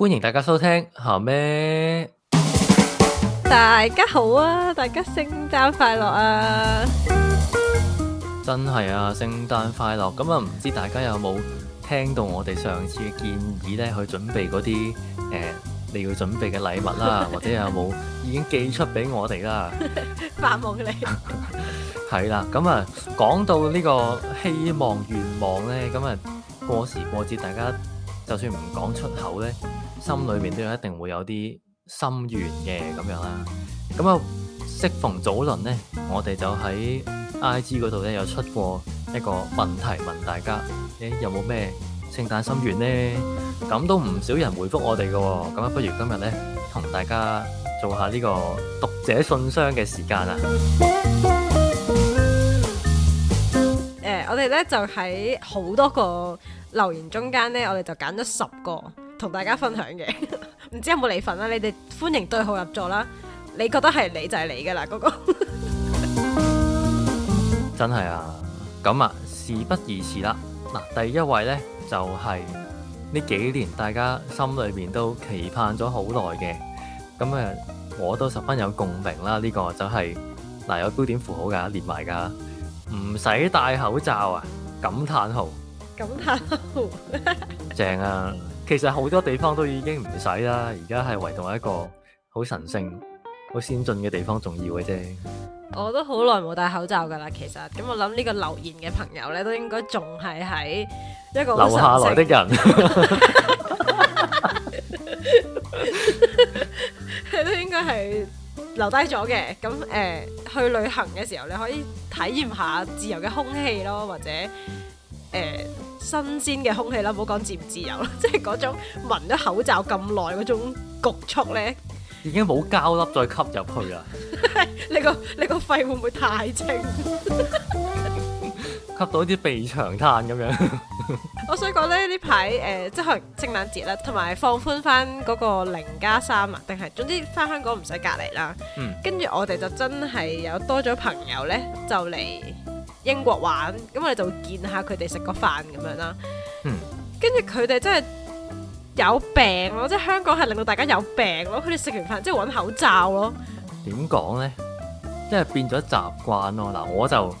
歡迎大家收聽，哈咩？大家好啊，大家聖誕快樂啊！真係啊，聖誕快樂！咁啊，唔知大家有冇聽到我哋上次嘅建議咧，去準備嗰啲誒，你要準備嘅禮物啦，或者有冇已經寄出俾我哋啦？發夢嚟？係啦，咁啊，講到呢個希望願望咧，咁啊，過時過節，大家就算唔講出口咧。心裏面都有一定會有啲心願嘅咁樣啦，咁啊適逢早輪呢，我哋就喺 I G 嗰度咧有出過一個問題問大家，誒、欸、有冇咩聖誕心願呢？咁都唔少人回覆我哋嘅、喔，咁啊不如今日呢，同大家做下呢個讀者信箱嘅時間啊、欸！我哋呢，就喺好多個留言中間呢，我哋就揀咗十個。同大家分享嘅，唔知有冇、啊、你份啦？你哋歡迎對號入座啦！你覺得係你就係你噶啦，嗰個 真係啊！咁啊，事不宜遲啦！嗱，第一位呢，就係、是、呢幾年大家心裏面都期盼咗好耐嘅，咁啊，我都十分有共鳴啦！呢、這個就係、是、嗱、啊，有標點符號噶、啊，連埋噶、啊，唔使戴口罩啊！感嘆號，感嘆嘆號， 正啊！其實好多地方都已經唔使啦，而家係唯獨一個好神聖、好先進嘅地方重要嘅啫。我都好耐冇戴口罩噶啦，其實咁我諗呢個留言嘅朋友咧，都應該仲係喺一個留下來的人，佢 都應該係留低咗嘅。咁誒、呃，去旅行嘅時候，你可以體驗下自由嘅空氣咯，或者誒。呃新鮮嘅空氣啦，唔好講自唔自由啦，即係嗰種聞咗口罩咁耐嗰種焗促咧，已經冇膠粒再吸入去啦。 你個你個肺會唔會太清？ 吸到啲鼻長嘆咁樣 我。我想講咧呢排誒，即係可能聖誕節啦，同埋放寬翻嗰個零加三啊，定係總之翻香港唔使隔離啦。跟住、嗯、我哋就真係有多咗朋友咧，就嚟英國玩，咁我哋就會見下佢哋食個飯咁樣啦。嗯，跟住佢哋真係有病咯，即係香港係令到大家有病咯。佢哋食完飯即係揾口罩咯。點講呢？即係變咗習慣咯。嗱，我就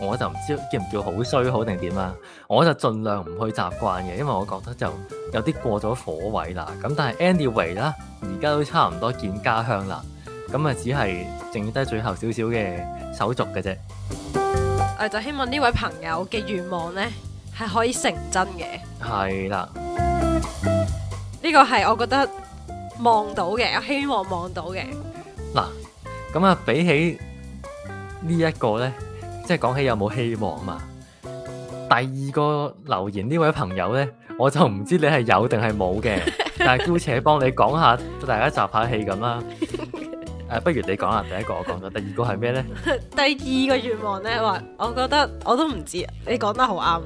我就唔知叫唔叫好衰好定點呀。我就盡量唔去習慣嘅，因為我覺得就有啲過咗火位啦。咁但係 anyway 啦，而家都差唔多見家鄉啦。咁啊，只係剩低最後少少嘅手續嘅啫。誒，就希望呢位朋友嘅願望咧，係可以成真嘅。係啦，呢 個係我覺得望到嘅，希望望到嘅。嗱，咁啊，比起呢一個咧，即係講起有冇希望嘛、啊？第二個留言呢位朋友咧，我就唔知你係有定係冇嘅， 但係姑且幫你講下，大家集下氣咁啦。誒、啊，不如你講下，第一個我講咗，第二個係咩咧？ 第二個願望咧，話我覺得我都唔知，你講得好啱，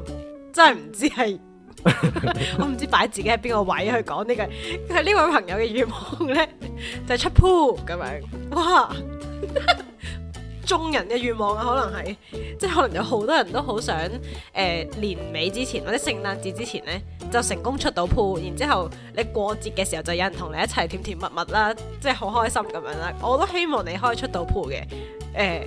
真係唔知係， 我唔知擺自己喺邊個位去講呢個，佢呢位朋友嘅願望咧就係、出 pool 咁樣，哇！ 眾人嘅願望啊，可能係即係可能有好多人都好想誒、呃，年尾之前或者聖誕節之前呢，就成功出到鋪，然之後你過節嘅時候就有人同你一齊甜甜蜜蜜啦，即係好開心咁樣啦。我都希望你可以出到鋪嘅，誒、呃，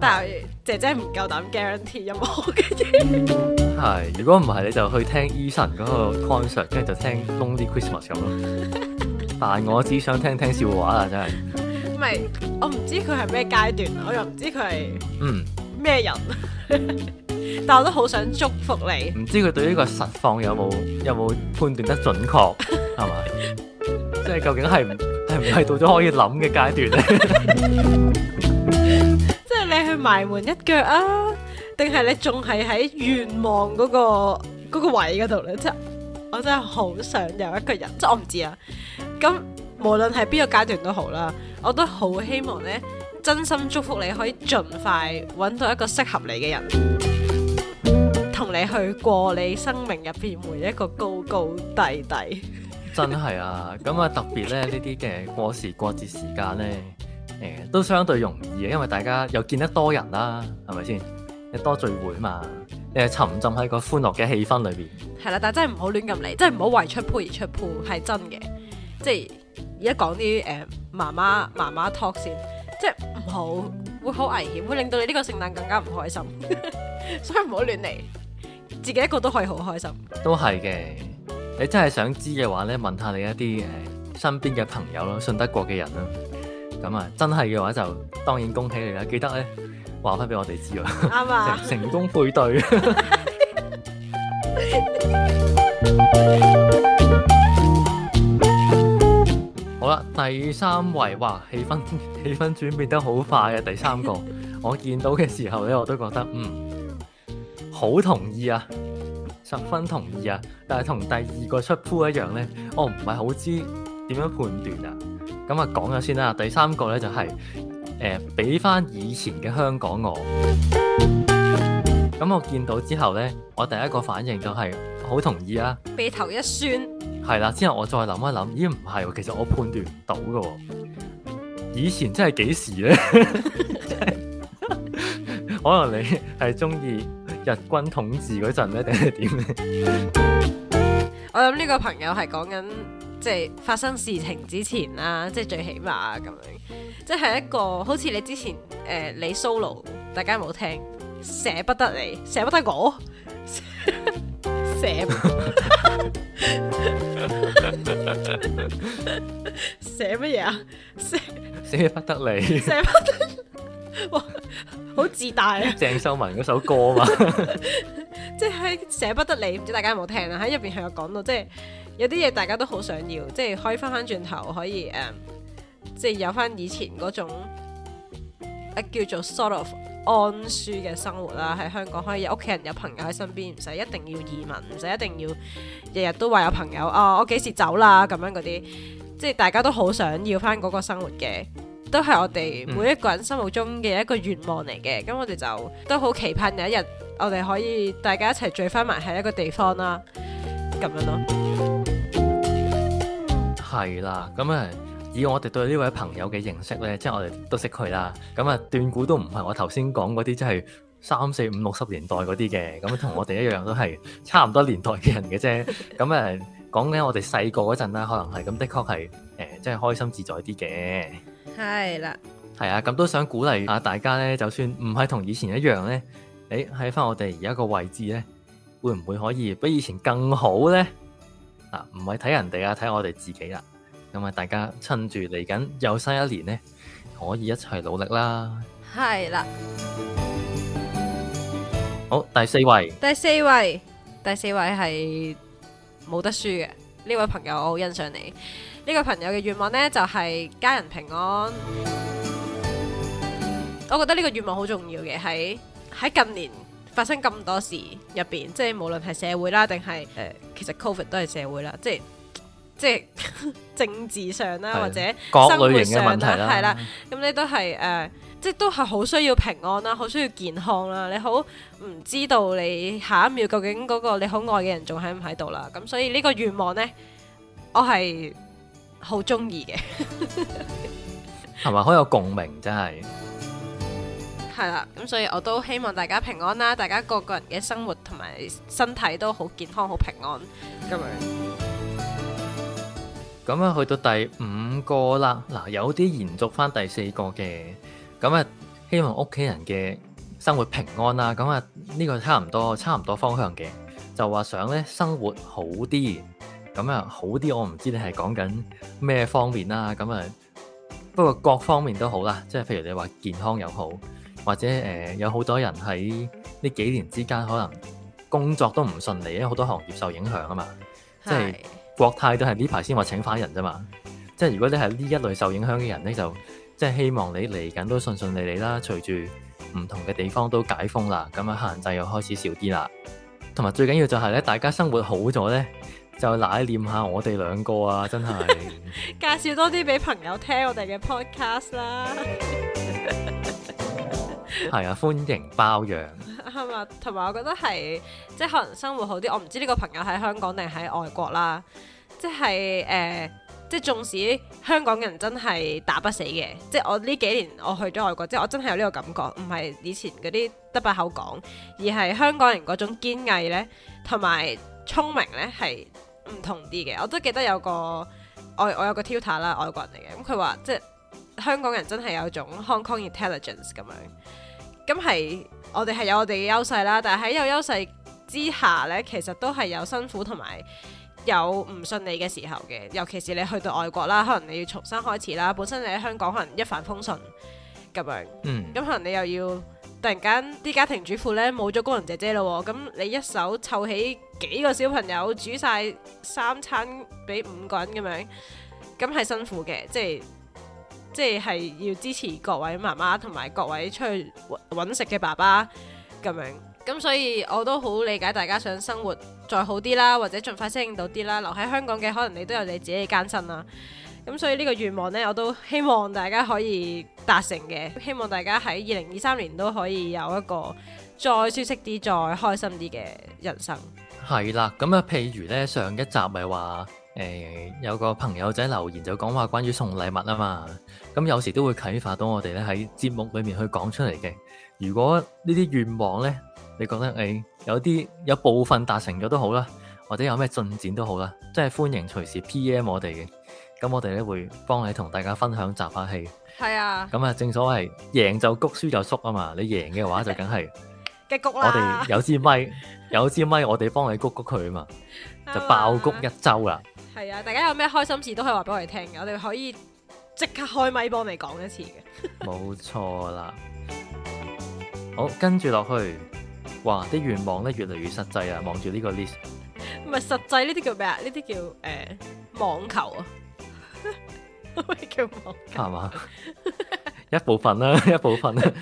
但係姐姐唔夠膽 guarantee 任何嘅嘢 。係，如果唔係你就去聽 Eason 嗰個 concert，跟住就聽 Lonely Christmas 咁咯。 但我只想聽聽笑話啊，真係。因為我唔知佢係咩階段，我又唔知佢係嗯咩人，但我都好想祝福你。唔知佢對呢個實況有冇有冇判斷得準確係嘛？即係究竟係係唔係到咗可以諗嘅階段咧？即係你去埋門一腳啊？定係你仲係喺願望嗰個嗰個位嗰度咧？即係我真係好想有一個人，即係我唔知啊。咁無論係邊個階段都好啦。我都好希望咧，真心祝福你可以盡快揾到一個適合你嘅人，同你去過你生命入邊每一個高高低低。 真係啊，咁啊特別咧呢啲嘅過時過節時間咧，誒、呃、都相對容易嘅，因為大家又見得多人啦，係咪先？你多聚會嘛，你沉浸喺個歡樂嘅氣氛裏邊。係啦、 啊，但係真係唔好亂咁嚟，真係唔好為出 pool 而出 pool，係真嘅。即係而家講啲誒。嗯媽媽媽媽 talk 先，即係唔好，會好危險，會令到你呢個聖誕更加唔開心， 所以唔好亂嚟，自己一個都可以好開心。都係嘅，你真係想知嘅話咧，問下你一啲誒身邊嘅朋友咯，信得過嘅人咯，咁啊真係嘅話就當然恭喜你啦，記得咧話翻俾我哋知對啊，啱啊，成功配對。 第三位哇，氣氛氣氛轉變得好快嘅第三個， 我見到嘅時候呢，我都覺得嗯，好同意啊，十分同意啊。但係同第二個出乎一樣呢，我唔係好知點樣判斷啊。咁、嗯、啊，講咗先啦。第三個呢、就係，就係誒，俾翻以前嘅香港我。咁我見到之後呢，我第一個反應就係、係、好同意啊，鼻頭一酸。係啦，之後我再諗一諗，咦唔係，其實我判斷唔到嘅，以前真係幾時咧？ 的 可能你係中意日軍統治嗰陣咧，定係點咧？我諗呢個朋友係講緊，即係發生事情之前啦，即係最起碼咁樣，即係一個好似你之前誒、呃、你 solo，大家有冇聽，捨不得你，捨不得我，捨。捨不得 寫乜嘢啊？寫捨不得你，捨不得，哇，好自大啊！ 鄭秀文嗰首歌嘛 即係捨不得你，唔知大家有冇聽啊？喺入邊係有講到，即係有啲嘢大家都好想要，即係可以翻翻轉頭，可以誒，um, 即係有翻以前嗰種，啊、叫做 sort of。安舒嘅生活啦，喺香港可以屋企人有朋友喺身邊，唔使一定要移民，唔使一定要日日都話有朋友啊、哦，我幾時走啦咁樣嗰啲，即係大家都好想要翻嗰個生活嘅，都係我哋每一個人心目中嘅一個願望嚟嘅。咁我哋就都好期盼有一日，我哋可以大家一齊聚翻埋喺一個地方啦，咁樣咯。係啦，咁啊。以我哋對呢位朋友嘅認識呢，即係我哋都識佢啦。咁啊，斷估都唔係我頭先講嗰啲，即係三四五六十年代嗰啲嘅。咁同我哋一樣都係差唔多年代嘅人嘅啫。咁啊， 講緊我哋細個嗰陣咧，可能係咁，的確係誒，即、欸、係開心自在啲嘅。係啦，係啊，咁都想鼓勵下大家呢，就算唔係同以前一樣呢，誒、欸，喺翻我哋而家個位置呢，會唔會可以比以前更好呢？嗱，唔係睇人哋啊，睇我哋自己啦。咁啊！大家趁住嚟緊又新一年呢，可以一齊努力啦。係啦，好，第四，第四位，第四位，第四位係冇得輸嘅。呢位朋友，我好欣賞你。呢、這個朋友嘅願望呢，就係、是、家人平安。我覺得呢個願望好重要嘅，喺喺近年發生咁多事入邊，即係無論係社會啦，定係誒，其實 COVID 都係社會啦，即係。即係政治上啦，或者生活上啦，係啦，咁你都係誒，uh, 即係都係好需要平安啦，好需要健康啦，你好唔知道你下一秒究竟嗰個你好愛嘅人仲喺唔喺度啦？咁所以呢個願望呢，我係好中意嘅，係咪？好有共鳴，真係，係啦， 咁所以我都希望大家平安啦，大家個個人嘅生活同埋身體都好健康、好平安咁樣。咁啊，去到第五個啦，嗱，有啲延續翻第四個嘅，咁啊，希望屋企人嘅生活平安啦，咁啊，呢個差唔多，差唔多方向嘅，就話想咧生活好啲，咁啊好啲，我唔知你係講緊咩方面啦，咁啊，不過各方面都好啦，即係譬如你話健康又好，或者誒有好多人喺呢幾年之間可能工作都唔順利，因為好多行業受影響啊嘛，即係。Yes. 國泰都係呢排先話請翻人啫嘛，即係如果你係呢一類受影響嘅人呢，就即係希望你嚟緊都順順利利啦。隨住唔同嘅地方都解封啦，咁樣限制又開始少啲啦。同埋最緊要就係咧，大家生活好咗呢，就奶念下我哋兩個啊，真係 介紹多啲俾朋友聽我哋嘅 podcast 啦。 係 啊，歡迎包養。係嘛，同埋我覺得係，即係可能生活好啲。我唔知呢個朋友喺香港定喺外國啦。即係誒、呃，即係縱使香港人真係打不死嘅，即係我呢幾年我去咗外國，即係我真係有呢個感覺，唔係以前嗰啲得把口講，而係香港人嗰種堅毅呢，同埋聰明呢係唔同啲嘅。我都記得有個外，我有個 Tutor 啦，外國人嚟嘅，咁佢話即係。香港人真係有種 Hong Kong intelligence 咁樣，咁係我哋係有我哋嘅優勢啦。但係喺有優勢之下呢，其實都係有辛苦同埋有唔信你嘅時候嘅。尤其是你去到外國啦，可能你要重新開始啦。本身你喺香港可能一帆風順咁樣，嗯，咁可能你又要突然間啲家庭主婦呢冇咗工人姐姐咯喎，咁你一手湊起幾個小朋友，煮晒三餐俾五個人咁樣，咁係辛苦嘅，即係。即係要支持各位媽媽同埋各位出去揾食嘅爸爸咁樣，咁所以我都好理解大家想生活再好啲啦，或者盡快適應到啲啦。留喺香港嘅可能你都有你自己嘅艱辛啦。咁所以呢個願望呢，我都希望大家可以達成嘅。希望大家喺二零二三年都可以有一個再舒適啲、再開心啲嘅人生。係啦，咁啊，譬如呢，上一集咪話。誒、欸，有個朋友仔留言就講話，關於送禮物啊嘛，咁有時都會啟發到我哋咧，喺節目裏面去講出嚟嘅。如果呢啲願望咧，你覺得誒、欸、有啲有部分達成咗都好啦，或者有咩進展都好啦，即係歡迎隨時 PM 我哋嘅。咁我哋咧會幫你同大家分享集下氣。係啊。咁啊，正所謂贏就谷，輸就縮啊嘛。你贏嘅話就梗係，激谷啦。我哋有支咪， 有支咪，我哋幫你谷谷佢啊嘛，就爆谷一周啦。 係啊，大家有咩開心事都可以話俾我哋聽嘅，我哋可以即刻開咪幫你講一次嘅。冇錯啦，好，跟住落去，哇！啲願望咧越嚟越實際啊，望住呢個 list。唔係實際呢啲叫咩啊？呢啲叫誒、呃、網球啊？咩 叫網球？係嘛？一部分啦，一部分啦。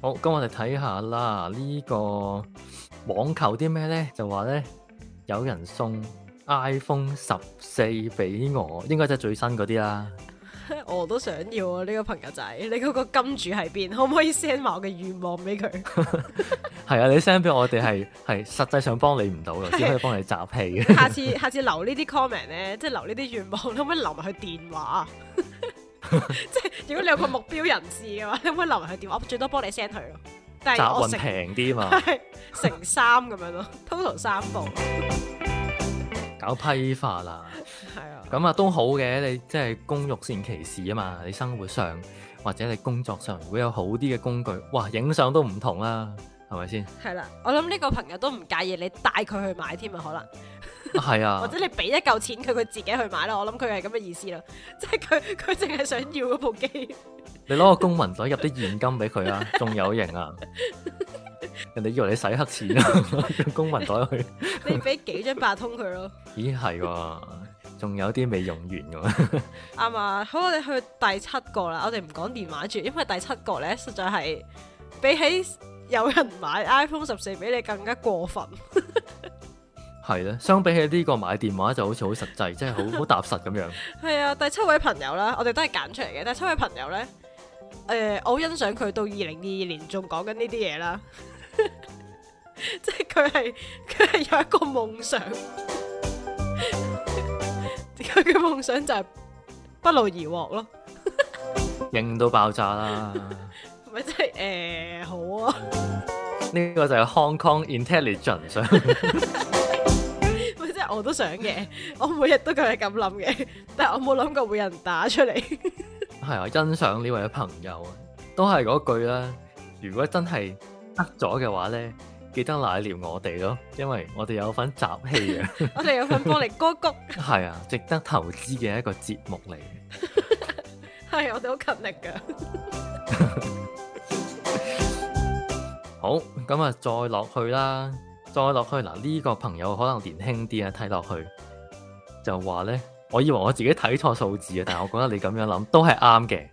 好，咁我哋睇下啦，呢、呢個網球啲咩咧？就話咧有人送。iPhone 十四俾我，應該即係最新嗰啲啦。我都想要啊！呢、這個朋友仔，你嗰個金主喺邊？可唔可以 send 埋我嘅願望俾佢？係 啊，你 send 俾我哋係係實際上幫你唔到嘅，只可以幫你集氣。 下次下次留呢啲 comment 咧，即係留呢啲願望，可唔可以留埋佢電話？即係如果你有個目標人士嘅話，你可唔可以留埋佢電話？我最多幫你 send 佢咯。但集運平啲嘛？ 成三咁樣咯，total 三部。 搞批發啦，咁啊都好嘅，你即係工欲善其事啊嘛，你生活上或者你工作上如果有好啲嘅工具，哇，影相都唔同啦，係咪先？係啦，我諗呢個朋友都唔介意你帶佢去買添啊，可能。係啊。或者你俾一嚿錢佢，佢自己去買啦。我諗佢係咁嘅意思啦，即係佢佢淨係想要部機。 你攞個公文袋，袋入啲現金俾佢啦，仲有型啊！ 人哋以為你洗黑錢啊， 用公文袋去。 你俾幾張八通佢咯？咦，係喎、啊，仲有啲未用完嘅。啱 啊，好，我哋去第七個啦。我哋唔講電話住，因為第七個咧，實在係比起有人買 iPhone 十四比你更加過分。係 咧，相比起呢、這個買電話就好似好實際，即係好好踏實咁樣。係啊， 第七位朋友啦，我哋都係揀出嚟嘅。第七位朋友咧。誒，uh, 我欣賞佢到二零二二年仲講緊呢啲嘢啦， 即係佢係佢係有一個夢想，佢嘅夢想就係不勞而獲咯，勁 到爆炸啦！咪 即係誒、呃，好啊！呢 個就係 Hong Kong Intelligence 想 咪即係我都想嘅，我每日都咁樣咁諗嘅，但係我冇諗過會有人打出嚟。 係我欣賞呢位朋友，都係嗰句啦。如果真係呃咗嘅話咧，記得瀨尿我哋咯，因為我哋有份集氣啊。 我哋有份播力歌曲。係 啊，值得投資嘅一個節目嚟。係， 我哋好勤力噶。 好，咁啊，再落去啦，再落去嗱，呢個朋友可能年輕啲啊，睇落去就話咧。我以為我自己睇錯數字啊，但係我覺得你咁樣諗都係啱嘅，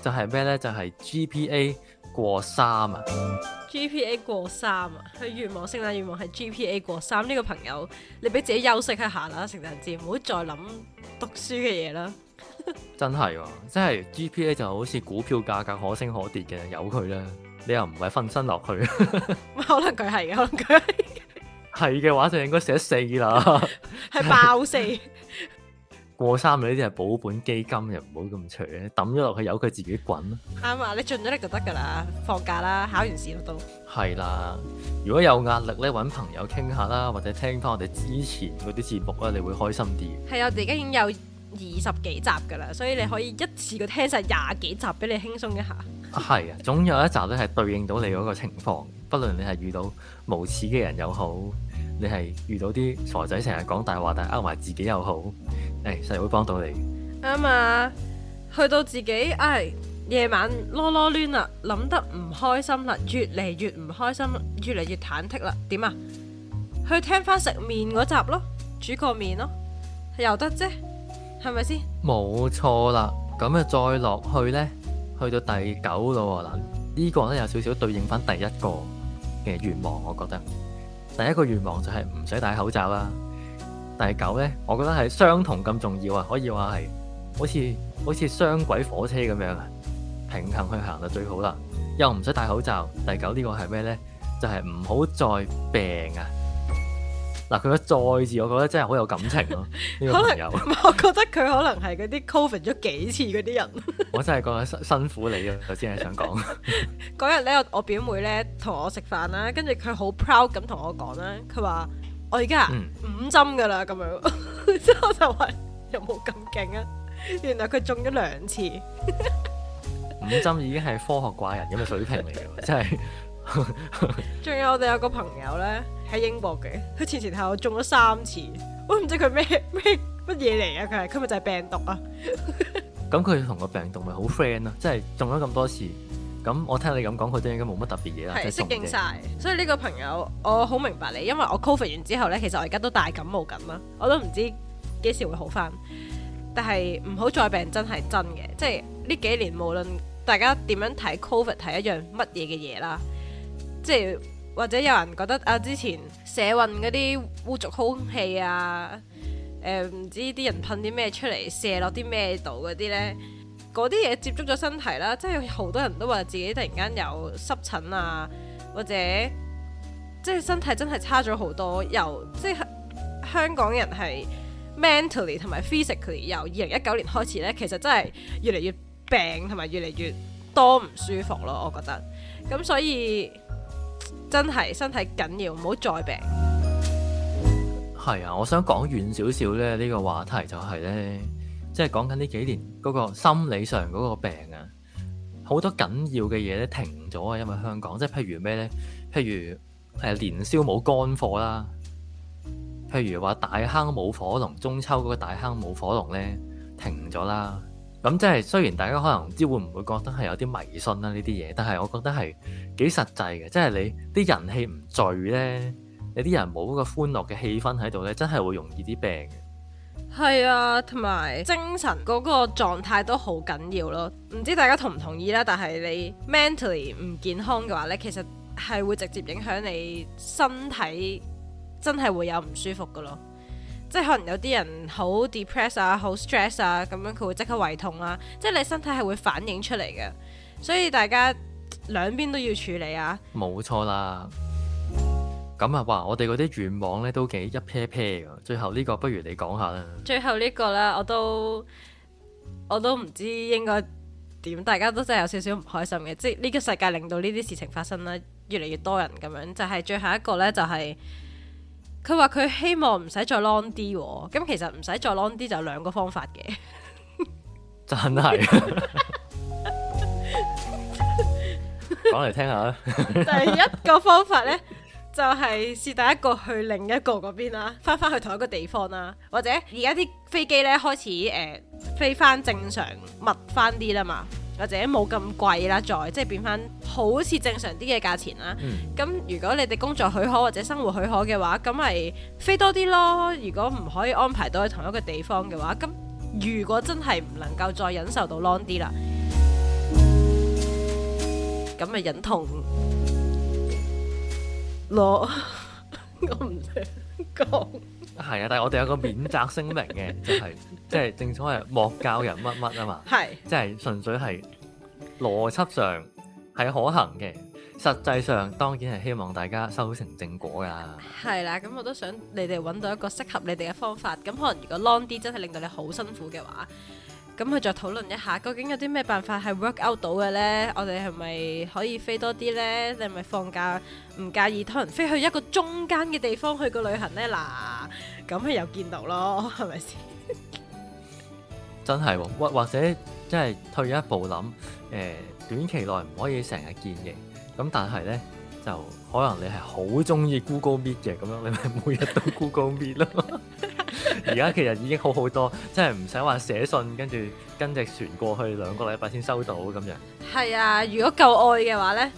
就係、是、咩呢？就係、是、GPA 過三啊！GPA 過三啊！佢願、啊、望升難願望係 GPA 過三呢、這個朋友，你俾自己休息一下啦，聖誕節唔好再諗讀書嘅嘢啦。 真係喎、啊，即係 GPA 就好似股票價格可升可跌嘅，由佢啦。你又唔係分身落去 可？可能佢係可能佢係嘅話就應該寫四啦，係 爆四。 過三日呢啲係保本基金，又唔好咁長，抌咗落去由佢自己滾咯。啱啊，你盡咗力就得噶啦，放假啦，考完試都。係啦，如果有壓力咧，搵朋友傾下啦，或者聽翻我哋之前嗰啲節目啦，你會開心啲。係啊，我哋而家已經有二十幾集噶啦，所以你可以一次過聽晒廿幾集俾你輕鬆一下。係 啊，總有一集咧係對應到你嗰個情況，不論你係遇到無恥嘅人又好。你係遇到啲傻仔，成日講大話，但係呃埋自己又好，誒、哎，實會幫到你。啱、嗯、啊，去到自己，唉、哎，夜晚囉囉攣啦，諗得唔開心啦，越嚟越唔開心，越嚟越忐忑啦，點啊？去聽翻食麵嗰集咯，煮個麵咯，又得啫，係咪先？冇錯啦，咁啊再落去呢，去到第九咯、哦，嗱，呢個呢，有少少對應翻第一個嘅願望，我覺得。第一個願望就係唔使戴口罩啦。第九呢，我覺得係相同咁重要啊，可以話係好似好似雙軌火車咁樣，平衡去行就最好啦。又唔使戴口罩。第九呢個係咩呢？就係唔好再病啊。嗱，佢個再字，我覺得真係好有感情咯、啊。呢個朋友， 我覺得佢可能係嗰啲 COVID 咗幾次嗰啲人 。我真係覺得辛苦你咯，首先係想講。嗰日咧，我表妹咧同我食飯啦，跟住佢好 proud 咁同我講啦，佢話我而家五針噶啦，咁樣、嗯，之後 我就話有冇咁勁啊？原來佢中咗兩次 。五針已經係科學怪人咁嘅水平嚟嘅，真係。仲有我哋有個朋友咧。喺英國嘅，佢前前後後中咗三次，我都唔知佢咩咩乜嘢嚟嘅，佢係佢咪就係病毒啊？咁佢同個病毒咪好 friend 咯，即係中咗咁多次。咁我聽你咁講，佢都應該冇乜特別嘢啦。係適對了應晒。所以呢個朋友我好明白你，因為我 covid 完之後咧，其實我而家都大感冒緊啦，我都唔知幾時會好翻。但係唔好再病真係真嘅，即係呢幾年無論大家點樣睇 covid 係一樣乜嘢嘅嘢啦，即係。或者有人覺得啊，之前社運嗰啲污濁空氣啊，誒、呃、唔知啲人噴啲咩出嚟，射落啲咩度嗰啲呢？嗰啲嘢接觸咗身體啦，即係好多人都話自己突然間有濕疹啊，或者即係身體真係差咗好多，由即係香港人係 mentally 同埋 physically 由二零一九年開始呢，其實真係越嚟越病同埋越嚟越多唔舒服咯，我覺得，咁所以。真係身體緊要，唔好再病。係啊，我想講遠少少咧，呢、這個話題就係咧，即係講緊呢幾年嗰、嗰個心理上嗰個病啊，好多緊要嘅嘢咧停咗啊，因為香港即係譬如咩咧，譬如誒、呃、年宵冇乾貨啦，譬如話大坑冇火龍，中秋嗰個大坑冇火龍咧停咗啦。咁、嗯、即係雖然大家可能知會唔會覺得係有啲迷信啦呢啲嘢，但係我覺得係幾實際嘅，即係你啲人氣唔聚呢，你有啲人冇個歡樂嘅氣氛喺度呢，真係會容易啲病嘅。係啊，同埋精神嗰個狀態都好緊要咯。唔知大家同唔同意啦？但係你 mentally 唔健康嘅話呢，其實係會直接影響你身體，真係會有唔舒服噶咯。即係可能有啲人好 depress 啊，好 stress 啊，咁樣佢會即刻胃痛啦。即係你身體係會反映出嚟嘅，所以大家兩邊都要處理啊。冇錯啦。咁啊，哇！我哋嗰啲願望咧都幾一 pair pair 嘅。最後呢個不如你講下啦。最後呢個咧，我都我都唔知應該點。大家都真係有少少唔開心嘅，即係呢個世界令到呢啲事情發生啦，越嚟越多人咁樣。就係最後一個咧，就係。佢話佢希望唔使再 long 啲喎，咁其實唔使再 long 啲就兩個方法嘅， 真係講嚟聽下啦。 第一個方法呢，就係試第一個去另一個嗰邊啦，翻翻去同一個地方啦，或者而家啲飛機呢，開始誒、呃、飛翻正常密翻啲啦嘛。或者冇咁貴啦，再即係變返好似正常啲嘅價錢啦。咁、嗯、如果你哋工作許可或者生活許可嘅話，咁咪飛多啲咯。如果唔可以安排到去同一個地方嘅話，咁如果真係唔能夠再忍受到 long 啲啦，咁咪忍痛咯。我唔 想講。係啊，但係我哋有個免責聲明嘅，就係即係正所謂莫教人乜乜啊嘛，即係純粹係邏輯上係可行嘅，實際上當然係希望大家收成正果噶。係啦，咁我都想你哋揾到一個適合你哋嘅方法。咁可能如果 long 啲真係令到你好辛苦嘅話。咁佢再討論一下，究竟有啲咩辦法係 work out 到嘅呢？我哋係咪可以飛多啲呢？你係咪放假唔介意，可能飛去一個中間嘅地方去個旅行呢？嗱。咁佢又見到咯，係咪先？ 真係、哦，或或者即係退一步諗，誒、呃、短期內唔可以成日見嘅。咁但係呢。就可能你係好中意 Google Meet 嘅咁樣，你咪每日都 Google Meet 咯。而家其實已經好好多，真係唔使話寫信，跟住跟隻船過去兩個禮拜先收到咁樣。係啊，如果夠愛嘅話咧，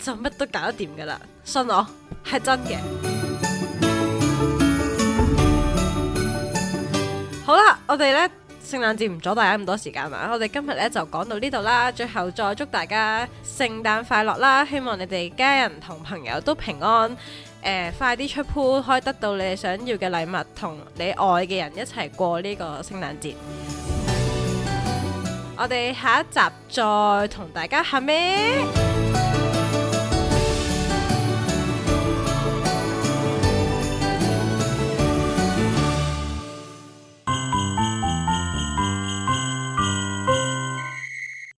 就乜都搞得掂噶啦，信我係真嘅。好啦，我哋咧。聖誕節唔阻大家咁多時間嘛，我哋今日呢就講到呢度啦，最後再祝大家聖誕快樂啦！希望你哋家人同朋友都平安，誒、呃，快啲出鋪可以得到你哋想要嘅禮物，同你愛嘅人一齊過呢個聖誕節。 我哋下一集再同大家吓咩？